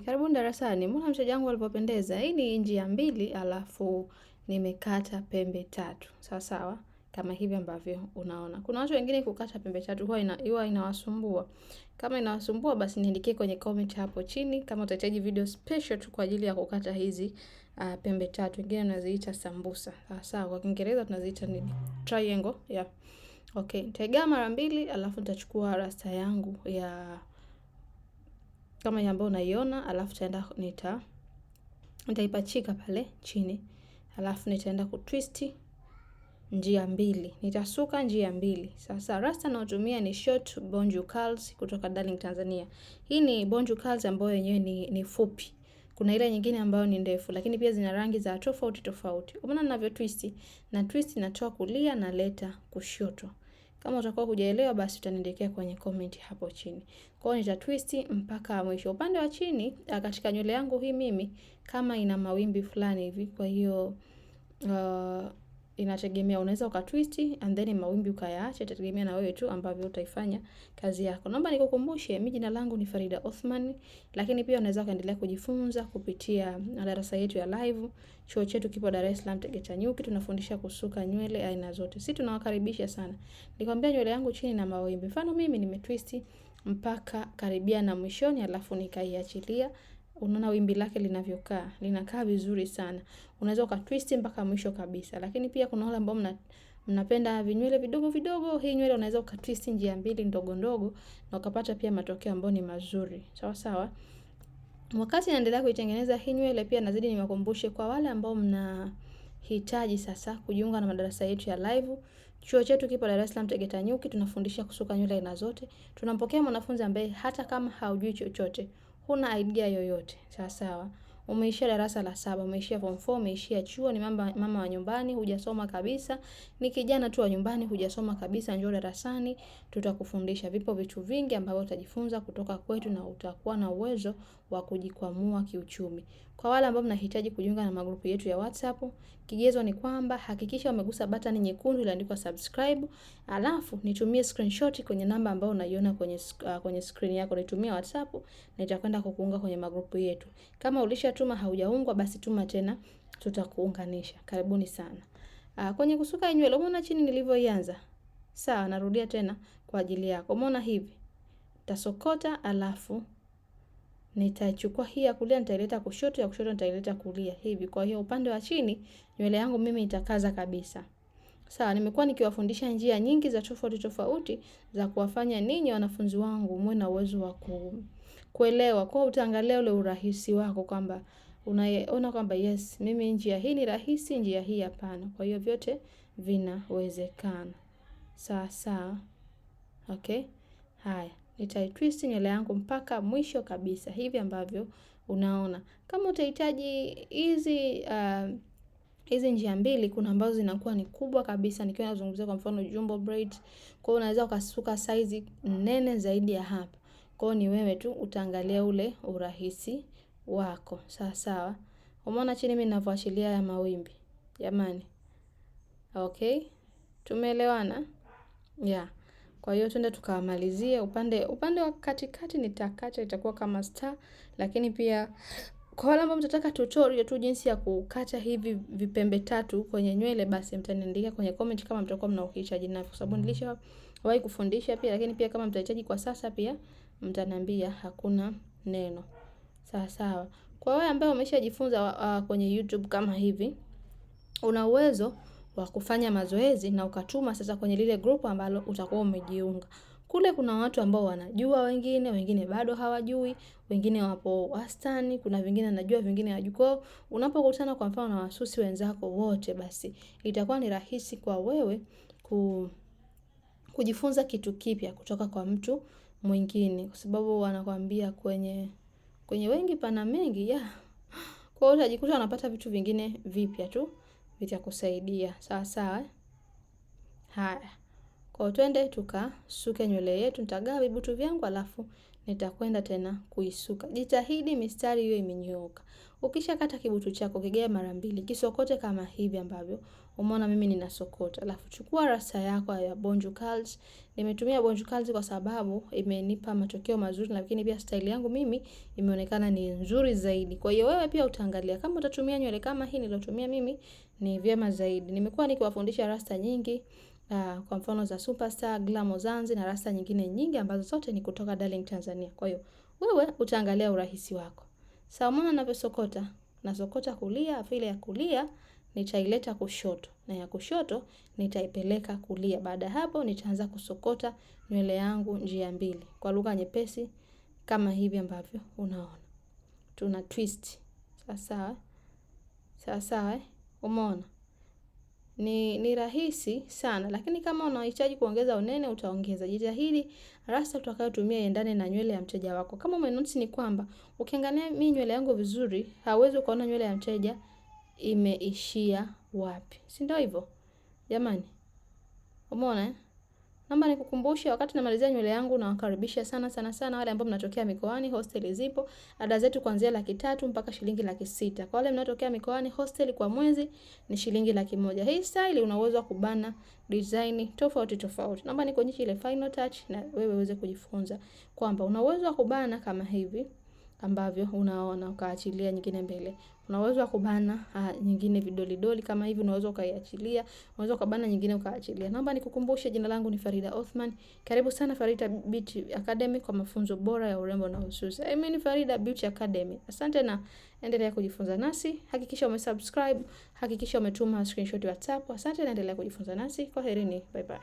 Karibuni darasani. Mbona mteja wangu alipopendeza? Hii ni inchi ya mbili alafu nimekata pembe tatu. Sawa sawa. Kama hivi ambavyo unaona. Kuna watu wengine kukata pembe tatu huwa ina, huwa inawasumbua. Kama inawasumbua basi niandikie kwenye comment hapo chini kama utahitaji video special tu kwa ajili ya kukata hizi uh, pembe tatu. Wengine tunaziita sambusa. Sawa sawa. Kwa Kiingereza tunaziita ni Triangle. Yeah. Okay. Nitaigawa mara mbili alafu nitachukua rasta yangu ya kama hii ambayo unaiona, alafu taenda nita nitaipachika pale chini, alafu nitaenda kutwist njia mbili, nitasuka njia mbili. Sasa rasta naotumia ni short bonju curls kutoka Darling Tanzania. Hii ni bonju curls ambayo yenyewe ni, ni fupi. Kuna ile nyingine ambayo ni ndefu, lakini pia zina rangi za tofauti tofauti. Umeona ninavyo twist na twist, natoa kulia na leta kushoto. Kama utakuwa hujaelewa, basi utaniandikia kwenye comment hapo chini. Kwa hiyo nita twist mpaka mwisho. Upande wa chini eh, katika nywele yangu hii mimi kama ina mawimbi fulani hivi, kwa hiyo uh, inategemea, unaweza ukatwist and then mawimbi ukayaacha, itategemea na wewe tu ambavyo utaifanya kazi yako. Naomba nikukumbushe, mimi jina langu ni Farida Othman, lakini pia unaweza ukaendelea kujifunza kupitia darasa yetu ya live. Chuo chetu kipo Dar es Salaam Tegeta Nyuki, tunafundisha kusuka nywele aina zote. Sisi tunawakaribisha sana. Nikwambia nywele yangu chini na mawimbi, mfano mimi nimetwist mpaka karibia na mwishoni, alafu nikaiachilia unaona wimbi lake linavyokaa, linakaa vizuri sana. Unaweza ukatwist mpaka mwisho kabisa. Lakini pia kuna wale ambao mna mnapenda vinywele vidogo vidogo. Hii nywele unaweza ukatwist njia mbili ndogo ndogo na ukapata pia matokeo ambayo ni mazuri. Sawa sawa. Wakati naendelea kuitengeneza hii nywele, pia nazidi niwakumbushe kwa wale ambao mnahitaji sasa kujiunga na madarasa yetu ya live. Chuo chetu kipo Dar es Salaam Tegeta Nyuki, tunafundisha kusuka nywele aina zote. Tunampokea mwanafunzi ambaye hata kama haujui chochote huna idea yoyote. sawa. umeishia darasa la saba, umeishia form 4, umeishia chuo, ni mama, mama wa nyumbani, hujasoma kabisa, ni kijana tu wa nyumbani, hujasoma kabisa. Njoo darasani, tutakufundisha. Vipo vitu vingi ambavyo utajifunza kutoka kwetu na utakuwa na uwezo wa kujikwamua kiuchumi. Kwa wale ambao mnahitaji kujiunga na magrupu yetu ya WhatsApp, kigezo ni kwamba hakikisha umegusa batani nyekundu iliyoandikwa subscribe, alafu nitumie screenshot kwenye namba ambayo unaiona kwenye uh, kwenye screen yako, nitumie WhatsApp na itakwenda kukuunga kwenye magrupu yetu. Kama ulishatuma haujaungwa, basi tuma tena, tutakuunganisha. Karibuni sana. Uh, kwenye kusuka nywele umeona chini nilivyoianza? Sawa, narudia tena kwa ajili yako. Umeona hivi? Tasokota alafu nitachukua hii ya kulia nitaileta kushoto, ya kushoto nitaileta kulia hivi. Kwa hiyo upande wa chini nywele yangu mimi itakaza kabisa. Sawa, nimekuwa nikiwafundisha njia nyingi za tofauti tofauti za kuwafanya ninyi wanafunzi wangu muwe na uwezo wa kuelewa. Kwa utaangalia ule urahisi wako kwamba unaona kwamba yes, mimi njia hii ni rahisi, njia hii hapana. Kwa hiyo vyote vinawezekana. Sawa sawa. Okay? Haya nitaitwist nywele yangu mpaka mwisho kabisa, hivi ambavyo unaona. Kama utahitaji hizi uh, njia mbili, kuna ambazo zinakuwa ni kubwa kabisa, nikiwa nazungumzia kwa mfano jumbo braid. Kwa hiyo unaweza ukasuka size nene zaidi ya hapa. Kwa hiyo ni wewe tu utaangalia ule urahisi wako, sawa sawa. Umeona chini mimi ninavyoachilia ya mawimbi jamani? Okay, tumeelewana yeah. Kwa hiyo twende tukamalizie upande upande wa katikati nitakata itakuwa kama star, lakini pia kwa wale ambao mtataka tutorial tu jinsi ya kukata hivi vipembe tatu kwenye nywele, basi mtaniandikia kwenye comment kama mtakuwa uhitaji navyo, kwa sababu mm-hmm. nilishawahi kufundisha pia, lakini pia kama mtahitaji kwa sasa pia mtaniambia, hakuna neno. Sawa sawa. Kwa wale ambao wameshajifunza uh, kwenye YouTube kama hivi, una uwezo wa kufanya mazoezi na ukatuma sasa kwenye lile grupu ambalo utakuwa umejiunga. Kule kuna watu ambao wanajua wengine, wengine bado hawajui, wengine wapo wastani, kuna vingine anajua, vingine hajui. Kwa unapokutana kwa mfano na wasusi wenzako wote, basi itakuwa ni rahisi kwa wewe ku, kujifunza kitu kipya kutoka kwa mtu mwingine, kwa sababu wanakwambia kwenye kwenye wengi pana mengi ya yeah. Kwa hiyo utajikuta unapata vitu vingine vipya tu vitakusaidia sawa sawa. Haya, kwa twende tukasuke nywele yetu. Nitagawa vibutu vyangu alafu nitakwenda tena kuisuka. Jitahidi mistari hiyo imenyooka. Ukishakata kibutu chako kigea mara mbili, kisokote kama hivi ambavyo umeona mimi ninasokota. Alafu chukua rasta yako ya bonju curls. Nimetumia bonju curls kwa sababu imenipa matokeo mazuri, lakini pia style yangu mimi imeonekana ni nzuri zaidi. Kwa hiyo wewe pia utaangalia kama utatumia nywele kama hii nilotumia mimi ni vyema zaidi. Nimekuwa nikiwafundisha rasta nyingi uh, kwa mfano za Superstar, Glamo Zanzi na rasta nyingine nyingi ambazo zote ni kutoka Darling Tanzania. Kwa hiyo wewe utaangalia urahisi wako. umeona navyosokota, nasokota kulia, vile ya kulia nitaileta kushoto na ya kushoto nitaipeleka kulia. Baada ya hapo nitaanza kusokota nywele yangu njia mbili kwa lugha nyepesi kama hivi ambavyo unaona. Tuna twist. sawa. Sawa sawa. Eh? Umeona? Ni, ni rahisi sana, lakini kama unahitaji kuongeza unene utaongeza. Jitahidi rasta utakayotumia endane na nywele ya mteja wako. Kama umenoti ni kwamba ukiangalia mimi nywele yangu vizuri, hauwezi ukaona nywele ya mteja imeishia wapi, si ndio hivyo jamani? Umeona? Eh? Naomba nikukumbushe wakati namalizia nywele yangu na wakaribisha sana sana sana wale ambao mnatokea mikoani, hostel zipo. Ada zetu kuanzia laki tatu mpaka shilingi laki sita. Kwa wale mnatokea mikoani, hostel kwa mwezi ni shilingi laki moja. Hii style una uwezo wa kubana design tofauti tofauti. Naomba nikuonyeshe ile final touch na wewe uweze kujifunza kwamba una uwezo wa kubana kama hivi ambavyo unaona ukaachilia nyingine mbele. Una uwezo wa kubana uh, nyingine vidoli doli kama hivi, unaweza ukaiachilia, unaweza ukabana nyingine ukaachilia. Naomba nikukumbushe, jina langu ni Farida Othman. Karibu sana Farida Beauty Academy kwa mafunzo bora ya urembo na ususi. I mean Farida Beauty Academy. Asante na endelea kujifunza nasi. Hakikisha umesubscribe, hakikisha umetuma screenshot WhatsApp. Asante na endelea kujifunza nasi. Kwaherini, bye bye.